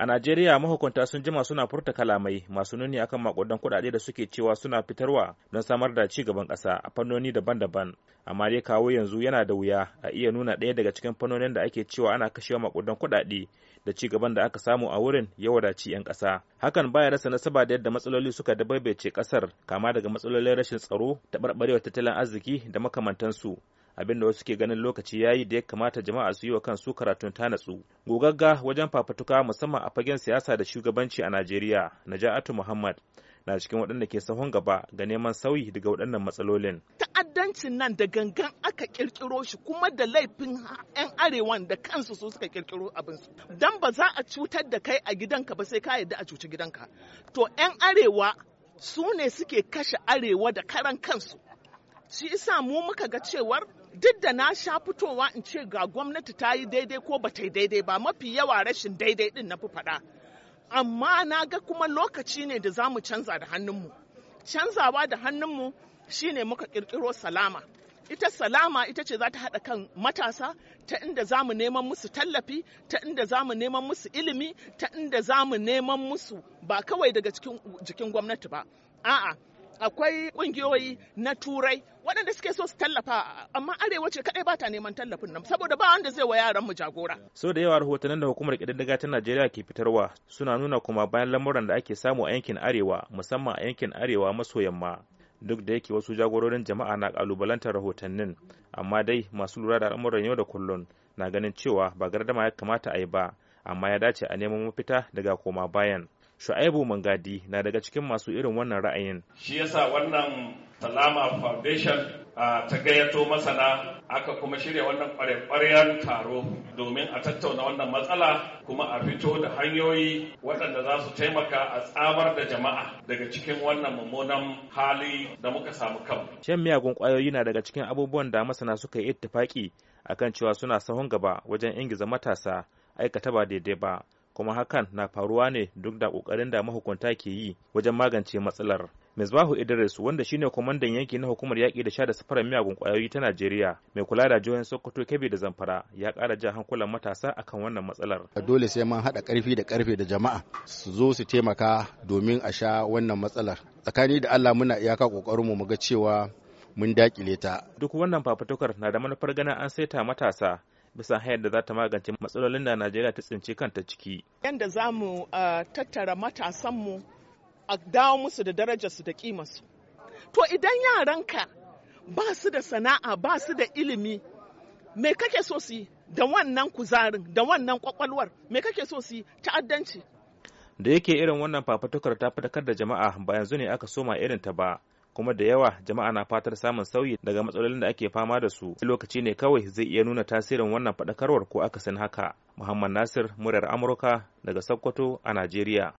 A Najeriya mahukunta sun jima suna furta kalamai masu nuni akan makudan kuɗaɗe da suke cewa suna fitarwa don samar da ci gaban ƙasa a fannoni daban-daban. Amma dai kawo yanzu yana da wuya a iya nuna ɗaya daga cikin fannonin da ake cewa ana kashewa makudan kuɗaɗe da ci gaban da aka samu a wurin ya wadaci 'yan ƙasa. Hakan baya rasa nasaba da yadda matsaloli suka dabaibace kasar kama daga matsalolin rashin tsaro, taɓarɓarewar tattalin arziki da makamantansu. abinda wasu ke ganin lokaci ya yi da ya kamata jama'a su yi wa kansu karatun ta natsu gogagga wajen fafatuka musamman a fagen siyasa da shugabanci a Najeriya Naja'atu Muhammad na cikin waɗanda ke sahun gaba ga neman sauyi daga waɗannan matsalolin ta'addancin nan da gangan aka kirkiro shi kuma da laifin 'yan arewan da kansu su suka kirkiro abinsu dan ba za a cutar da kai a gidanka ba sai ka yadda a cuci gidanka to 'yan arewa su ne suke kashe arewa da karan kansu shi isa mu muka ga cewar duk da na sha fitowa in ce ga gwamnati ta yi daidai ko ba ta yi daidai ba mafi yawa rashin daidai din na fi faɗa amma na ga kuma lokaci ne da za mu canza da hannunmu canzawa da hannunmu shine muka ƙirƙiro salama ita salama ita ce za ta haɗa kan matasa ta inda za mu neman musu tallafi ta inda za mu neman musu ilimi ta inda za mu neman musu ba kawai daga jikin gwamnati ba a'a akwai kungiyoyi na turai waɗanda suke so su tallafa amma arewa ce kadai bata neman tallafin nan saboda ba wanda zai wa yaran mu jagora Sau da yawa rahotannin da hukumar kididdiga ta Najeriya ke fitarwa suna nuna kuma bayan lamuran da ake samu a yankin arewa musamman a yankin arewa maso yamma duk da yake wasu jagororin jama'a na kalubalantar rahotannin amma dai masu lura da al'amuran yau da kullun na ganin cewa ba gardama ya kamata a yi ba amma ya dace a neman mafita daga koma bayan Shu'aibu Mangadi na daga cikin masu irin wannan ra'ayin. Shi yasa wannan Salama Foundation ta gayyato masana aka kuma shirya wannan kwarekwaren taro domin a tattauna wannan matsala kuma a fito da hanyoyi waɗanda za su taimaka a tsamar da jama'a daga cikin wannan mummunan hali da muka samu kan. Shan miyagun ƙwayoyi na daga cikin abubuwan da masana suka yi ittifaki akan cewa suna sahun gaba wajen ingiza matasa aikata ba daidai ba. kuma hakan na faruwa ne duk da kokarin da mahukunta ke yi wajen magance matsalar Misbahu Idris wanda shine kwamandan yanki na hukumar yaƙi da sha da safarar miyagun ƙwayoyi ta Najeriya mai kula da jihohin Sokoto, Kebbi da Zamfara ya ƙara jan hankulan matasa akan wannan matsalar. Dole sai mun haɗa ƙarfi da ƙarfe da jama'a su zo su taimaka domin a sha wannan matsalar. Tsakani da Allah muna iyaka ƙoƙarinmu mu ga cewa mun daƙile ta. Duk wannan fafutukar na da manufar ganin an saita matasa bisa hanyar da za ta magance matsalolin da Najeriya ta tsinci kanta ciki. Yanda za mu uh, tattara matasanmu a dawo musu da darajarsu da kimarsu. To idan yaranka ba su da sana'a ba su da ilimi me kake so su yi da wannan kuzarin da wannan kwakwalwar me kake so su yi ta'addanci. Da yake irin wannan fafatukar ta fitakar da jama'a ba yanzu ne aka soma irin ta ba. kuma da yawa jama'a na fatar samun sauyi daga matsalolin da ake fama da su lokaci ne kawai zai iya nuna tasirin wannan faɗakarwar ko akasin haka muhammad nasir muryar amurka daga sokoto a najeriya